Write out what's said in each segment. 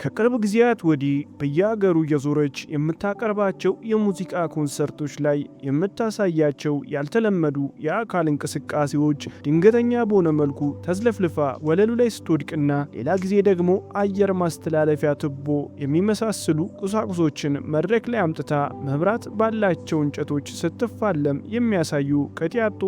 ከቅርብ ጊዜያት ወዲህ በየአገሩ የዞረች የምታቀርባቸው የሙዚቃ ኮንሰርቶች ላይ የምታሳያቸው ያልተለመዱ የአካል እንቅስቃሴዎች ድንገተኛ በሆነ መልኩ ተዝለፍልፋ ወለሉ ላይ ስትወድቅና ሌላ ጊዜ ደግሞ አየር ማስተላለፊያ ቱቦ የሚመሳስሉ ቁሳቁሶችን መድረክ ላይ አምጥታ መብራት ባላቸው እንጨቶች ስትፋለም የሚያሳዩ ቅጥ ያጡ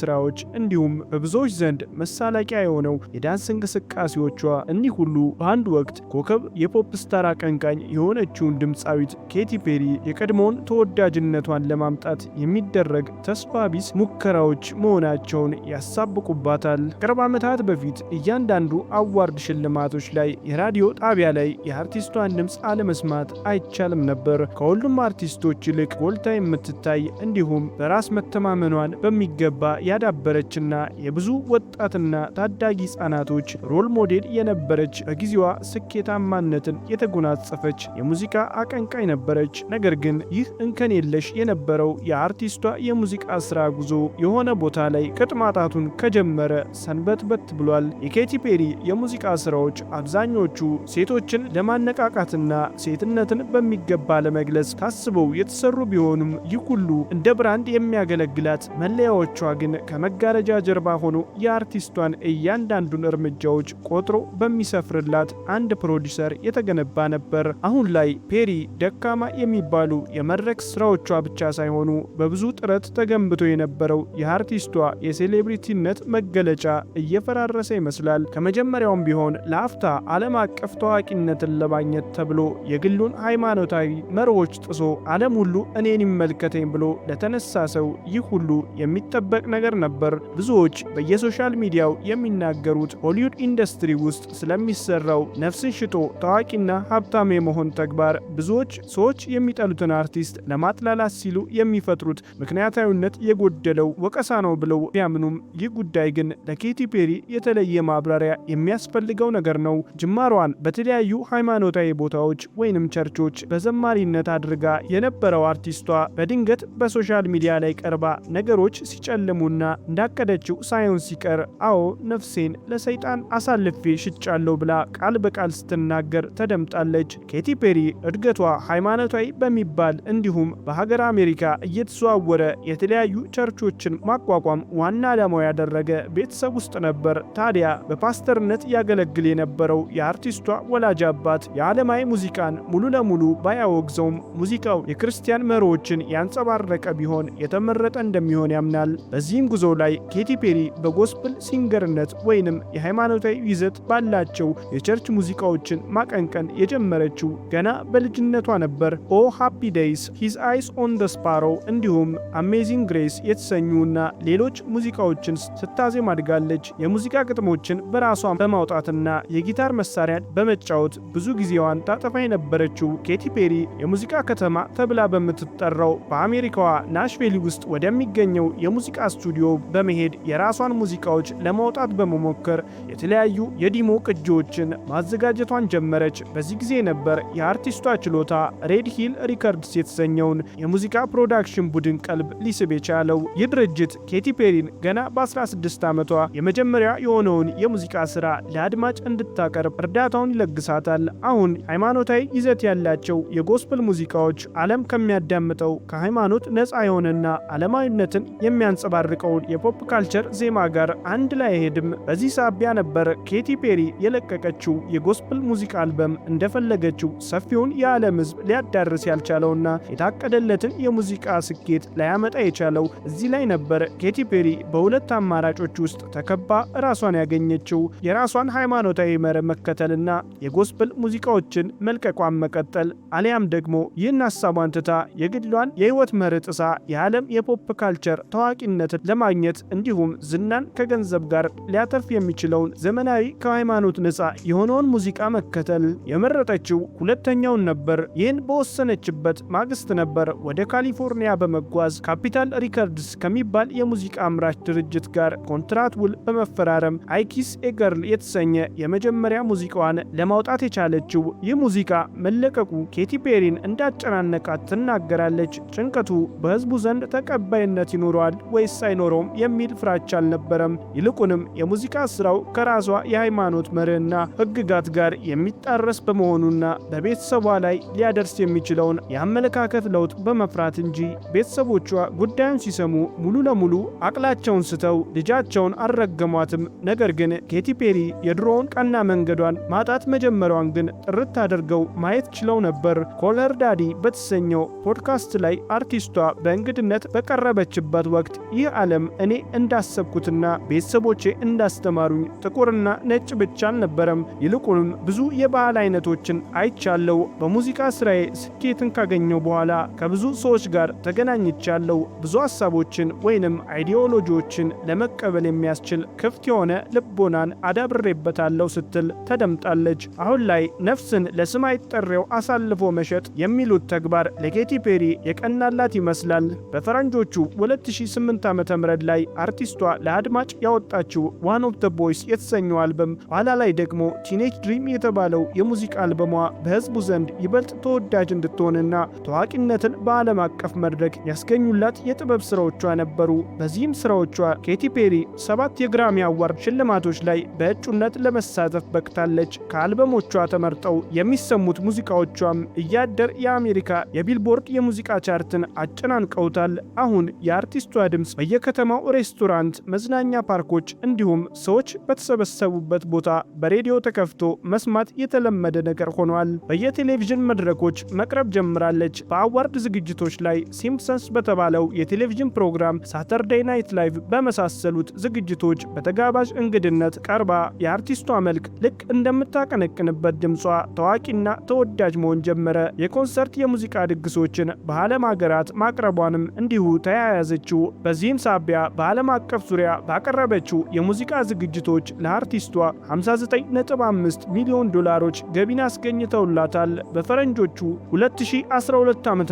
ስራዎች እንዲሁም በብዙዎች ዘንድ መሳለቂያ የሆነው የዳንስ እንቅስቃሴዎቿ እኒህ ሁሉ በአንዱ ወቅት ኮከብ የፖፕ ስታር አቀንቃኝ የሆነችውን ድምፃዊት ኬቲ ፔሪ የቀድሞውን ተወዳጅነቷን ለማምጣት የሚደረግ ተስፋ ቢስ ሙከራዎች መሆናቸውን ያሳብቁባታል። ከቅርብ ዓመታት በፊት እያንዳንዱ አዋርድ ሽልማቶች ላይ የራዲዮ ጣቢያ ላይ የአርቲስቷን ድምፅ አለመስማት አይቻልም ነበር። ከሁሉም አርቲስቶች ይልቅ ጎልታ የምትታይ እንዲሁም በራስ መተማመኗን በሚገባ ያዳበረችና የብዙ ወጣትና ታዳጊ ህጻናቶች ሮል ሞዴል የነበረች በጊዜዋ ስኬታማነትን የተጎናጸፈች የሙዚቃ አቀንቃኝ ነበረች። ነገር ግን ይህ እንከን የለሽ የነበረው የአርቲስቷ የሙዚቃ ስራ ጉዞ የሆነ ቦታ ላይ ቅጥማጣቱን ከጀመረ ሰንበት በት ብሏል። የኬቲ ፔሪ የሙዚቃ ስራዎች አብዛኞቹ ሴቶችን ለማነቃቃትና ሴትነትን በሚገባ ለመግለጽ ታስበው የተሰሩ ቢሆኑም ይህ ሁሉ እንደ ብራንድ የሚያገለግላት መለያዎቿ ግን ከመጋረጃ ጀርባ ሆኖ የአርቲስቷን እያንዳንዱን እርምጃዎች ቆጥሮ በሚሰፍርላት አንድ ፕሮዲሰር የተገነባ ነበር። አሁን ላይ ፔሪ ደካማ የሚባሉ የመድረክ ስራዎቿ ብቻ ሳይሆኑ በብዙ ጥረት ተገንብቶ የነበረው የአርቲስቷ የሴሌብሪቲነት መገለጫ እየፈራረሰ ይመስላል። ከመጀመሪያውም ቢሆን ለአፍታ ዓለም አቀፍ ታዋቂነትን ለማግኘት ተብሎ የግሉን ሃይማኖታዊ መርሆች ጥሶ ዓለም ሁሉ እኔን ይመልከተኝ ብሎ ለተነሳ ሰው ይህ ሁሉ የሚጠበቅ ነገር ነበር። ብዙዎች በየሶሻል ሚዲያው የሚናገሩት ሆሊውድ ኢንዱስትሪ ውስጥ ስለሚሰራው ነፍስን ሽጦ ታዋቂና ሀብታም የመሆን ተግባር ብዙዎች ሰዎች የሚጠሉትን አርቲስት ለማጥላላት ሲሉ የሚፈጥሩት ምክንያታዊነት የጎደለው ወቀሳ ነው ብለው ቢያምኑም ይህ ጉዳይ ግን ለኬቲ ፔሪ የተለየ ማብራሪያ የሚያስፈልገው ነገር ነው። ጅማሯን በተለያዩ ሃይማኖታዊ ቦታዎች ወይንም ቸርቾች በዘማሪነት አድርጋ የነበረው አርቲስቷ በድንገት በሶሻል ሚዲያ ላይ ቀርባ ነገሮች ሲጨልሙና እንዳቀደችው ሳይሆን ሲቀር አዎ ነፍሴን ለሰይጣን አሳልፌ ሽጫለሁ ብላ ቃል በ ቃል ስትናገር ተደምጣለች። ኬቲ ፔሪ እድገቷ ሃይማኖታዊ በሚባል እንዲሁም በሀገር አሜሪካ እየተዘዋወረ የተለያዩ ቸርቾችን ማቋቋም ዋና ዓላማው ያደረገ ቤተሰብ ውስጥ ነበር። ታዲያ በፓስተርነት ያገለግል የነበረው የአርቲስቷ ወላጅ አባት የዓለማዊ ሙዚቃን ሙሉ ለሙሉ ባያወግዘውም ሙዚቃው የክርስቲያን መሪዎችን ያንጸባረቀ ቢሆን የተመረጠ እንደሚሆን ያምናል። በዚህም ጉዞ ላይ ኬቲ ፔሪ በጎስፕል ሲንገርነት ወይንም የሃይማኖታዊ ይዘት ባላቸው የቸርች ሙዚቃዎችን ማቀንቀን የጀመረችው ገና በልጅነቷ ነበር። ኦ ሃፒ ዴይስ፣ ሂዝ አይስ ኦን ደ ስፓሮ እንዲሁም አሜዚንግ ግሬስ የተሰኙና ሌሎች ሙዚቃዎችን ስታዜም አድጋለች። የሙዚቃ ግጥሞችን በራሷ በማውጣትና የጊታር መሳሪያን በመጫወት ብዙ ጊዜዋን ታጠፋ የነበረችው ኬቲ ፔሪ የሙዚቃ ከተማ ተብላ በምትጠራው በአሜሪካዋ ናሽቬሊ ውስጥ ወደሚገኘው የሙዚቃ ስቱዲዮ በመሄድ የራሷን ሙዚቃዎች ለማውጣት በመሞከር የተለያዩ የዲሞ ቅጂዎችን ማዘጋጀቷን ጀመረች። በዚህ ጊዜ ነበር የአርቲስቷ ችሎታ ሬድ ሂል ሪከርድስ የተሰኘውን የሙዚቃ ፕሮዳክሽን ቡድን ቀልብ ሊስብ የቻለው። ይህ ድርጅት ኬቲ ፔሪን ገና በ16 ዓመቷ የመጀመሪያ የሆነውን የሙዚቃ ስራ ለአድማጭ እንድታቀርብ እርዳታውን ይለግሳታል። አሁን ሃይማኖታዊ ይዘት ያላቸው የጎስፕል ሙዚቃዎች ዓለም ከሚያዳምጠው ከሃይማኖት ነፃ የሆነና ዓለማዊነትን የሚያንጸባርቀውን የፖፕ ካልቸር ዜማ ጋር አንድ ላይ አይሄድም። በዚህ ሳቢያ ነበር ኬቲ ፔሪ የለቀቀችው የጎስፕል ሙዚቃ አልበም እንደፈለገችው ሰፊውን የዓለም ሕዝብ ሊያዳርስ ያልቻለውና የታቀደለትን የሙዚቃ ስኬት ላያመጣ የቻለው እዚህ ላይ ነበር። ኬቲ ፔሪ በሁለት አማራጮች ውስጥ ተከባ ራሷን ያገኘችው የራሷን ሃይማኖታዊ መርህ መከተልና የጎስፕል ሙዚቃዎችን መልቀቋን መቀጠል አሊያም ደግሞ ይህን ሀሳቧን ትታ የግሏን የህይወት መርህ ጥሳ የዓለም የፖፕ ካልቸር ታዋቂነትን ለማግኘት እንዲሁም ዝናን ከገንዘብ ጋር ሊያተርፍ የሚችለውን ዘመናዊ ከሃይማኖት ነፃ የሆነውን የትኛውን ሙዚቃ መከተል የመረጠችው ሁለተኛውን ነበር። ይህን በወሰነችበት ማግስት ነበር ወደ ካሊፎርኒያ በመጓዝ ካፒታል ሪከርድስ ከሚባል የሙዚቃ አምራች ድርጅት ጋር ኮንትራት ውል በመፈራረም አይኪስ ኤገርል የተሰኘ የመጀመሪያ ሙዚቃዋን ለማውጣት የቻለችው። ይህ ሙዚቃ መለቀቁ ኬቲ ፔሪን እንዳጨናነቃት ትናገራለች። ጭንቀቱ በህዝቡ ዘንድ ተቀባይነት ይኖረዋል ወይስ አይኖረውም የሚል ፍራቻ አልነበረም። ይልቁንም የሙዚቃ ስራው ከራሷ የሃይማኖት መርህና ህግ መዘጋት ጋር የሚጣረስ በመሆኑና በቤተሰቧ ላይ ሊያደርስ የሚችለውን የአመለካከት ለውጥ በመፍራት እንጂ ቤተሰቦቿ ጉዳዩን ሲሰሙ ሙሉ ለሙሉ አቅላቸውን ስተው ልጃቸውን አልረገሟትም። ነገር ግን ኬቲ ፔሪ የድሮውን ቀና መንገዷን ማጣት መጀመሯን ግን ጥርት አድርገው ማየት ችለው ነበር። ኮለርዳዲ ዳዲ በተሰኘው ፖድካስት ላይ አርቲስቷ በእንግድነት በቀረበችበት ወቅት ይህ ዓለም እኔ እንዳሰብኩትና ቤተሰቦቼ እንዳስተማሩኝ ጥቁርና ነጭ ብቻ አልነበረም፣ ይልቁ ይልቁንም ብዙ የባህል አይነቶችን አይቻለው። በሙዚቃ ስራዬ ስኬትን ካገኘው በኋላ ከብዙ ሰዎች ጋር ተገናኝቻለው። ብዙ ሀሳቦችን ወይንም አይዲዮሎጂዎችን ለመቀበል የሚያስችል ክፍት የሆነ ልቦናን አዳብሬበታለው ስትል ተደምጣለች። አሁን ላይ ነፍስን ለስም አይጠሬው አሳልፎ መሸጥ የሚሉት ተግባር ለኬቲ ፔሪ የቀናላት ይመስላል። በፈረንጆቹ 2008 ዓ.ም ላይ አርቲስቷ ለአድማጭ ያወጣችው ዋን ኦፍ ቦይስ የተሰኘው አልበም ኋላ ላይ ደግሞ ቲኔጅ ስዊት ድሪም የተባለው የሙዚቃ አልበሟ በሕዝቡ ዘንድ ይበልጥ ተወዳጅ እንድትሆንና ታዋቂነትን በዓለም አቀፍ መድረክ ያስገኙላት የጥበብ ስራዎቿ ነበሩ። በዚህም ስራዎቿ ኬቲ ፔሪ ሰባት የግራሚ አዋርድ ሽልማቶች ላይ በእጩነት ለመሳተፍ በቅታለች። ከአልበሞቿ ተመርጠው የሚሰሙት ሙዚቃዎቿም እያደር የአሜሪካ የቢልቦርድ የሙዚቃ ቻርትን አጨናንቀውታል። አሁን የአርቲስቷ ድምፅ በየከተማው ሬስቶራንት፣ መዝናኛ ፓርኮች እንዲሁም ሰዎች በተሰበሰቡበት ቦታ በሬዲዮ ተከፍቶ ተዘጋጅቶ መስማት የተለመደ ነገር ሆኗል። በየቴሌቪዥን መድረኮች መቅረብ ጀምራለች። በአዋርድ ዝግጅቶች ላይ ሲምፕሰንስ በተባለው የቴሌቪዥን ፕሮግራም፣ ሳተርዴይ ናይት ላይቭ በመሳሰሉት ዝግጅቶች በተጋባዥ እንግድነት ቀርባ የአርቲስቷ መልክ ልክ እንደምታቀነቅንበት ድምጿ ታዋቂና ተወዳጅ መሆን ጀመረ። የኮንሰርት የሙዚቃ ድግሶችን በዓለም ሀገራት ማቅረቧንም እንዲሁ ተያያዘችው። በዚህም ሳቢያ በዓለም አቀፍ ዙሪያ ባቀረበችው የሙዚቃ ዝግጅቶች ለአርቲስቷ 59.5 15 ሚሊዮን ዶላሮች ገቢን አስገኝተውላታል። በፈረንጆቹ 2012 ዓ ም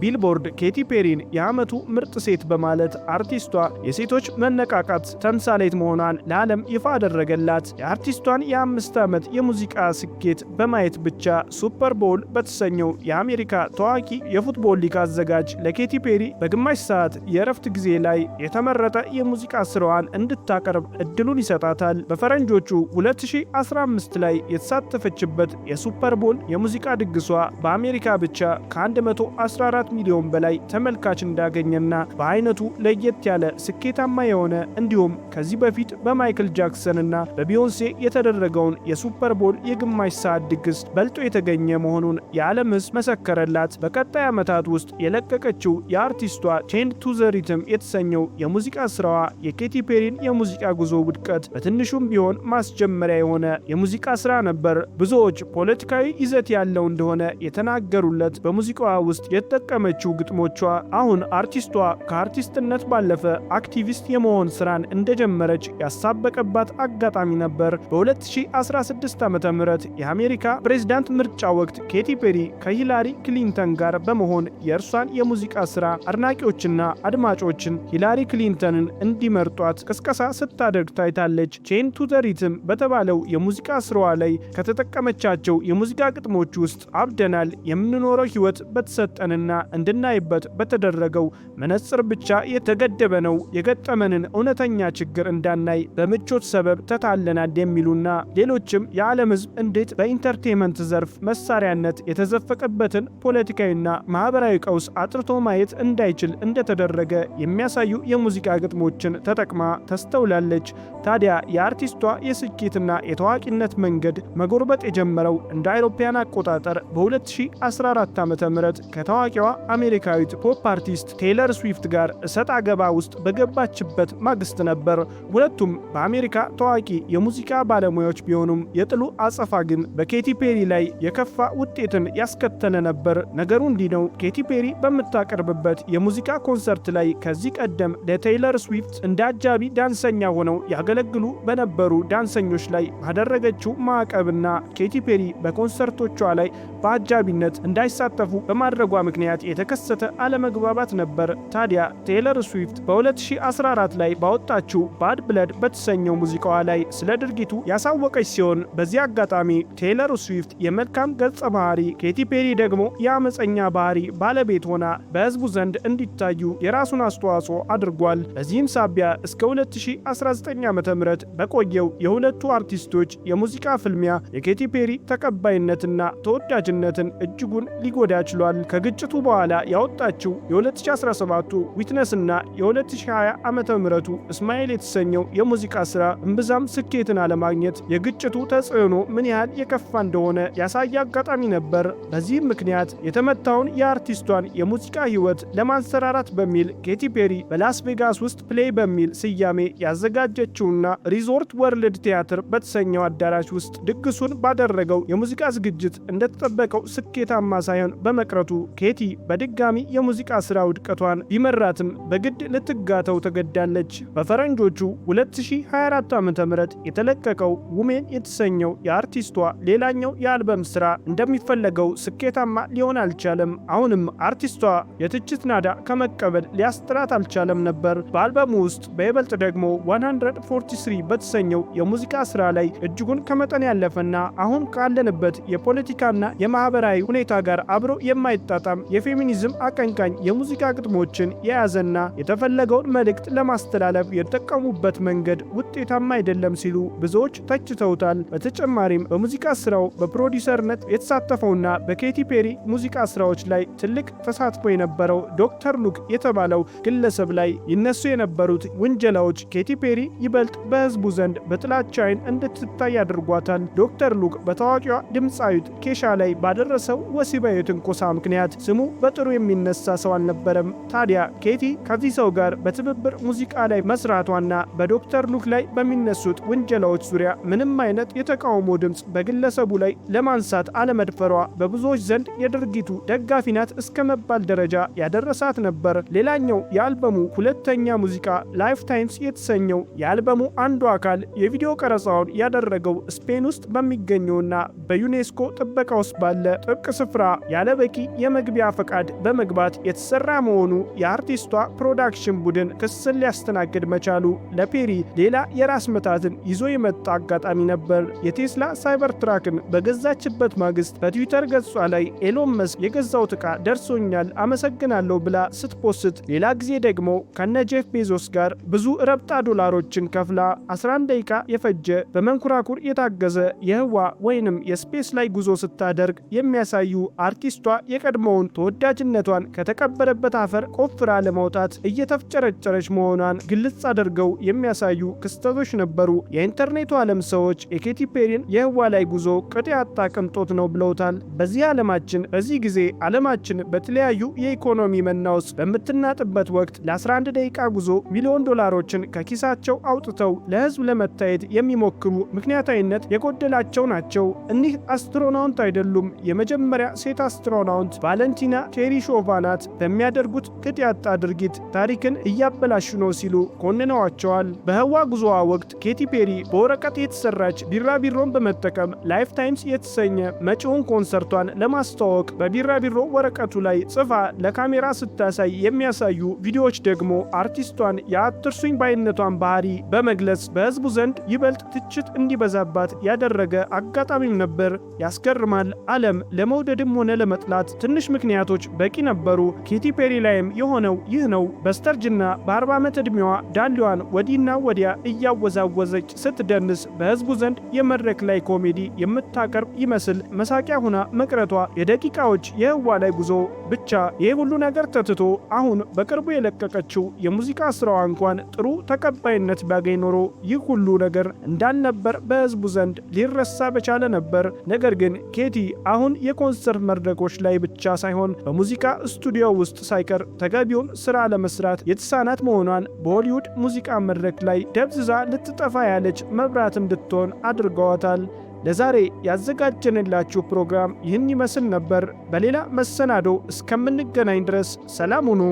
ቢልቦርድ ኬቲ ፔሪን የዓመቱ ምርጥ ሴት በማለት አርቲስቷ የሴቶች መነቃቃት ተምሳሌት መሆኗን ለዓለም ይፋ አደረገላት። የአርቲስቷን የአምስት ዓመት የሙዚቃ ስኬት በማየት ብቻ ሱፐር ቦል በተሰኘው የአሜሪካ ታዋቂ የፉትቦል ሊግ አዘጋጅ ለኬቲ ፔሪ በግማሽ ሰዓት የእረፍት ጊዜ ላይ የተመረጠ የሙዚቃ ስራዋን እንድታቀርብ እድሉን ይሰጣታል። በፈረንጆቹ 2015 አምስት ላይ የተሳተፈችበት የሱፐር ቦል የሙዚቃ ድግሷ በአሜሪካ ብቻ ከ114 ሚሊዮን በላይ ተመልካች እንዳገኘና በአይነቱ ለየት ያለ ስኬታማ የሆነ እንዲሁም ከዚህ በፊት በማይክል ጃክሰንና በቢዮንሴ የተደረገውን የሱፐር ቦል የግማሽ ሰዓት ድግስ በልጦ የተገኘ መሆኑን የዓለም ሕዝብ መሰከረላት። በቀጣይ ዓመታት ውስጥ የለቀቀችው የአርቲስቷ ቼንድ ቱ ዘ ሪትም የተሰኘው የሙዚቃ ስራዋ የኬቲ ፔሪን የሙዚቃ ጉዞ ውድቀት በትንሹም ቢሆን ማስጀመሪያ የሆነ የሙዚቃ የሙዚቃ ስራ ነበር። ብዙዎች ፖለቲካዊ ይዘት ያለው እንደሆነ የተናገሩለት በሙዚቃዋ ውስጥ የተጠቀመችው ግጥሞቿ አሁን አርቲስቷ ከአርቲስትነት ባለፈ አክቲቪስት የመሆን ስራን እንደጀመረች ያሳበቀባት አጋጣሚ ነበር። በ2016 ዓ ም የአሜሪካ ፕሬዝዳንት ምርጫ ወቅት ኬቲ ፔሪ ከሂላሪ ክሊንተን ጋር በመሆን የእርሷን የሙዚቃ ስራ አድናቂዎችና አድማጮችን ሂላሪ ክሊንተንን እንዲመርጧት ቅስቀሳ ስታደርግ ታይታለች። ቼን ቱተሪትም በተባለው የሙዚቃ ስራዋ ላይ ከተጠቀመቻቸው የሙዚቃ ግጥሞች ውስጥ አብደናል የምንኖረው ህይወት በተሰጠንና እንድናይበት በተደረገው መነጽር ብቻ የተገደበ ነው፣ የገጠመንን እውነተኛ ችግር እንዳናይ በምቾት ሰበብ ተታለናል የሚሉና ሌሎችም የዓለም ህዝብ እንዴት በኢንተርቴንመንት ዘርፍ መሳሪያነት የተዘፈቀበትን ፖለቲካዊና ማህበራዊ ቀውስ አጥርቶ ማየት እንዳይችል እንደተደረገ የሚያሳዩ የሙዚቃ ግጥሞችን ተጠቅማ ተስተውላለች። ታዲያ የአርቲስቷ የስኬትና የታዋቂነት መንገድ መጎርበጥ የጀመረው እንደ አውሮፓውያን አቆጣጠር በ2014 ዓ ም ከታዋቂዋ አሜሪካዊት ፖፕ አርቲስት ቴይለር ስዊፍት ጋር እሰጥ አገባ ውስጥ በገባችበት ማግስት ነበር። ሁለቱም በአሜሪካ ታዋቂ የሙዚቃ ባለሙያዎች ቢሆኑም የጥሉ አጸፋ ግን በኬቲ ፔሪ ላይ የከፋ ውጤትን ያስከተለ ነበር። ነገሩ እንዲህ ነው። ኬቲ ፔሪ በምታቀርብበት የሙዚቃ ኮንሰርት ላይ ከዚህ ቀደም ለቴይለር ስዊፍት እንደ አጃቢ ዳንሰኛ ሆነው ያገለግሉ በነበሩ ዳንሰኞች ላይ ባደረገችው ማዕቀብና ኬቲ ፔሪ በኮንሰርቶቿ ላይ በአጃቢነት እንዳይሳተፉ በማድረጓ ምክንያት የተከሰተ አለመግባባት ነበር። ታዲያ ቴይለር ስዊፍት በ2014 ላይ ባወጣችው ባድ ብለድ በተሰኘው ሙዚቃዋ ላይ ስለ ድርጊቱ ያሳወቀች ሲሆን በዚህ አጋጣሚ ቴይለር ስዊፍት የመልካም ገጸ ባህሪ፣ ኬቲ ፔሪ ደግሞ የአመፀኛ ባህሪ ባለቤት ሆና በህዝቡ ዘንድ እንዲታዩ የራሱን አስተዋጽኦ አድርጓል። በዚህም ሳቢያ እስከ 2019 ዓ ም በቆየው የሁለቱ አርቲስቶች የሙዚ የሙዚቃ ፍልሚያ የኬቲ ፔሪ ተቀባይነትና ተወዳጅነትን እጅጉን ሊጎዳ ችሏል። ከግጭቱ በኋላ ያወጣችው የ2017 ዊትነስና የ2020 ዓ ምቱ እስማኤል የተሰኘው የሙዚቃ ሥራ እምብዛም ስኬትን አለማግኘት የግጭቱ ተጽዕኖ ምን ያህል የከፋ እንደሆነ ያሳየ አጋጣሚ ነበር። በዚህም ምክንያት የተመታውን የአርቲስቷን የሙዚቃ ሕይወት ለማንሰራራት በሚል ኬቲ ፔሪ በላስ ቬጋስ ውስጥ ፕሌይ በሚል ስያሜ ያዘጋጀችውና ሪዞርት ወርልድ ቲያትር በተሰኘው አዳራሽ አዳራሽ ውስጥ ድግሱን ባደረገው የሙዚቃ ዝግጅት እንደተጠበቀው ስኬታማ ሳይሆን በመቅረቱ ኬቲ በድጋሚ የሙዚቃ ስራ ውድቀቷን ቢመራትም በግድ ልትጋተው ተገዳለች። በፈረንጆቹ 2024 ዓ ም የተለቀቀው ውሜን የተሰኘው የአርቲስቷ ሌላኛው የአልበም ስራ እንደሚፈለገው ስኬታማ ሊሆን አልቻለም። አሁንም አርቲስቷ የትችት ናዳ ከመቀበል ሊያስጥራት አልቻለም ነበር። በአልበሙ ውስጥ በይበልጥ ደግሞ 143 በተሰኘው የሙዚቃ ስራ ላይ እጅጉን ከመጠን ያለፈና አሁን ካለንበት የፖለቲካና የማህበራዊ ሁኔታ ጋር አብሮ የማይጣጣም የፌሚኒዝም አቀንቃኝ የሙዚቃ ግጥሞችን የያዘና የተፈለገውን መልእክት ለማስተላለፍ የተጠቀሙበት መንገድ ውጤታማ አይደለም ሲሉ ብዙዎች ተችተውታል። በተጨማሪም በሙዚቃ ስራው በፕሮዲሰርነት የተሳተፈውና በኬቲ ፔሪ ሙዚቃ ስራዎች ላይ ትልቅ ተሳትፎ የነበረው ዶክተር ሉክ የተባለው ግለሰብ ላይ ይነሱ የነበሩት ውንጀላዎች ኬቲ ፔሪ ይበልጥ በህዝቡ ዘንድ በጥላቻ አይን እንድትታይ አድርጓል። ያደርጓታል። ዶክተር ሉክ በታዋቂዋ ድምፃዊት ኬሻ ላይ ባደረሰው ወሲባዊ ትንኮሳ ምክንያት ስሙ በጥሩ የሚነሳ ሰው አልነበረም። ታዲያ ኬቲ ከዚህ ሰው ጋር በትብብር ሙዚቃ ላይ መስራቷና በዶክተር ሉክ ላይ በሚነሱት ውንጀላዎች ዙሪያ ምንም አይነት የተቃውሞ ድምፅ በግለሰቡ ላይ ለማንሳት አለመድፈሯ በብዙዎች ዘንድ የድርጊቱ ደጋፊ ናት እስከ መባል ደረጃ ያደረሳት ነበር። ሌላኛው የአልበሙ ሁለተኛ ሙዚቃ ላይፍ ታይምስ የተሰኘው የአልበሙ አንዱ አካል የቪዲዮ ቀረጻውን ያደረገው ስፔን ውስጥ በሚገኘውና በዩኔስኮ ጥበቃ ውስጥ ባለ ጥብቅ ስፍራ ያለ በቂ የመግቢያ ፈቃድ በመግባት የተሰራ መሆኑ የአርቲስቷ ፕሮዳክሽን ቡድን ክስን ሊያስተናግድ መቻሉ ለፔሪ ሌላ የራስ መታትን ይዞ የመጣ አጋጣሚ ነበር። የቴስላ ሳይበር ትራክን በገዛችበት ማግስት በትዊተር ገጿ ላይ ኤሎን መስክ የገዛው ዕቃ ደርሶኛል አመሰግናለሁ ብላ ስትፖስት፣ ሌላ ጊዜ ደግሞ ከነ ጄፍ ቤዞስ ጋር ብዙ ረብጣ ዶላሮችን ከፍላ 11 ደቂቃ የፈጀ በመንኮራኩር የታገዘ የህዋ ወይንም የስፔስ ላይ ጉዞ ስታደርግ የሚያሳዩ አርቲስቷ የቀድሞውን ተወዳጅነቷን ከተቀበረበት አፈር ቆፍራ ለማውጣት እየተፍጨረጨረች መሆኗን ግልጽ አድርገው የሚያሳዩ ክስተቶች ነበሩ። የኢንተርኔቱ ዓለም ሰዎች የኬቲ ፔሪን የህዋ ላይ ጉዞ ቅጥ ያጣ ቅንጦት ነው ብለውታል። በዚህ ዓለማችን በዚህ ጊዜ ዓለማችን በተለያዩ የኢኮኖሚ መናወስ በምትናጥበት ወቅት ለ11 ደቂቃ ጉዞ ሚሊዮን ዶላሮችን ከኪሳቸው አውጥተው ለህዝብ ለመታየት የሚሞክሩ ምክንያታዊ ግንኙነት የጎደላቸው ናቸው። እኒህ አስትሮናውንት አይደሉም። የመጀመሪያ ሴት አስትሮናውንት ቫለንቲና ቼሪሾቫ ናት። በሚያደርጉት ቅጥ ያጣ ድርጊት ታሪክን እያበላሹ ነው ሲሉ ኮንነዋቸዋል። በህዋ ጉዞዋ ወቅት ኬቲ ፔሪ በወረቀት የተሰራች ቢራቢሮን በመጠቀም ላይፍ ታይምስ የተሰኘ መጪውን ኮንሰርቷን ለማስተዋወቅ በቢራቢሮ ወረቀቱ ላይ ጽፋ ለካሜራ ስታሳይ የሚያሳዩ ቪዲዮዎች ደግሞ አርቲስቷን የአትርሱኝ ባይነቷን ባህሪ በመግለጽ በህዝቡ ዘንድ ይበልጥ ትችት እንዲበዛባት እንዲኖርባት ያደረገ አጋጣሚም ነበር። ያስገርማል። ዓለም ለመውደድም ሆነ ለመጥላት ትንሽ ምክንያቶች በቂ ነበሩ። ኬቲ ፔሪ ላይም የሆነው ይህ ነው። በስተርጅና በ40 ዓመት ዕድሜዋ ዳሌዋን ወዲና ወዲያ እያወዛወዘች ስትደንስ በህዝቡ ዘንድ የመድረክ ላይ ኮሜዲ የምታቀርብ ይመስል መሳቂያ ሁና መቅረቷ የደቂቃዎች የህዋ ላይ ጉዞ ብቻ። ይህ ሁሉ ነገር ተትቶ አሁን በቅርቡ የለቀቀችው የሙዚቃ ስራዋ እንኳን ጥሩ ተቀባይነት ቢያገኝ ኖሮ ይህ ሁሉ ነገር እንዳልነበር በህዝቡ ዘንድ ሊረሳ በቻለ ነበር። ነገር ግን ኬቲ አሁን የኮንሰርት መድረኮች ላይ ብቻ ሳይሆን በሙዚቃ ስቱዲዮ ውስጥ ሳይቀር ተገቢውን ስራ ለመስራት የተሳናት መሆኗን በሆሊውድ ሙዚቃ መድረክ ላይ ደብዝዛ ልትጠፋ ያለች መብራት እንድትሆን አድርገዋታል። ለዛሬ ያዘጋጀንላችሁ ፕሮግራም ይህን ይመስል ነበር። በሌላ መሰናዶ እስከምንገናኝ ድረስ ሰላም ሁኑ።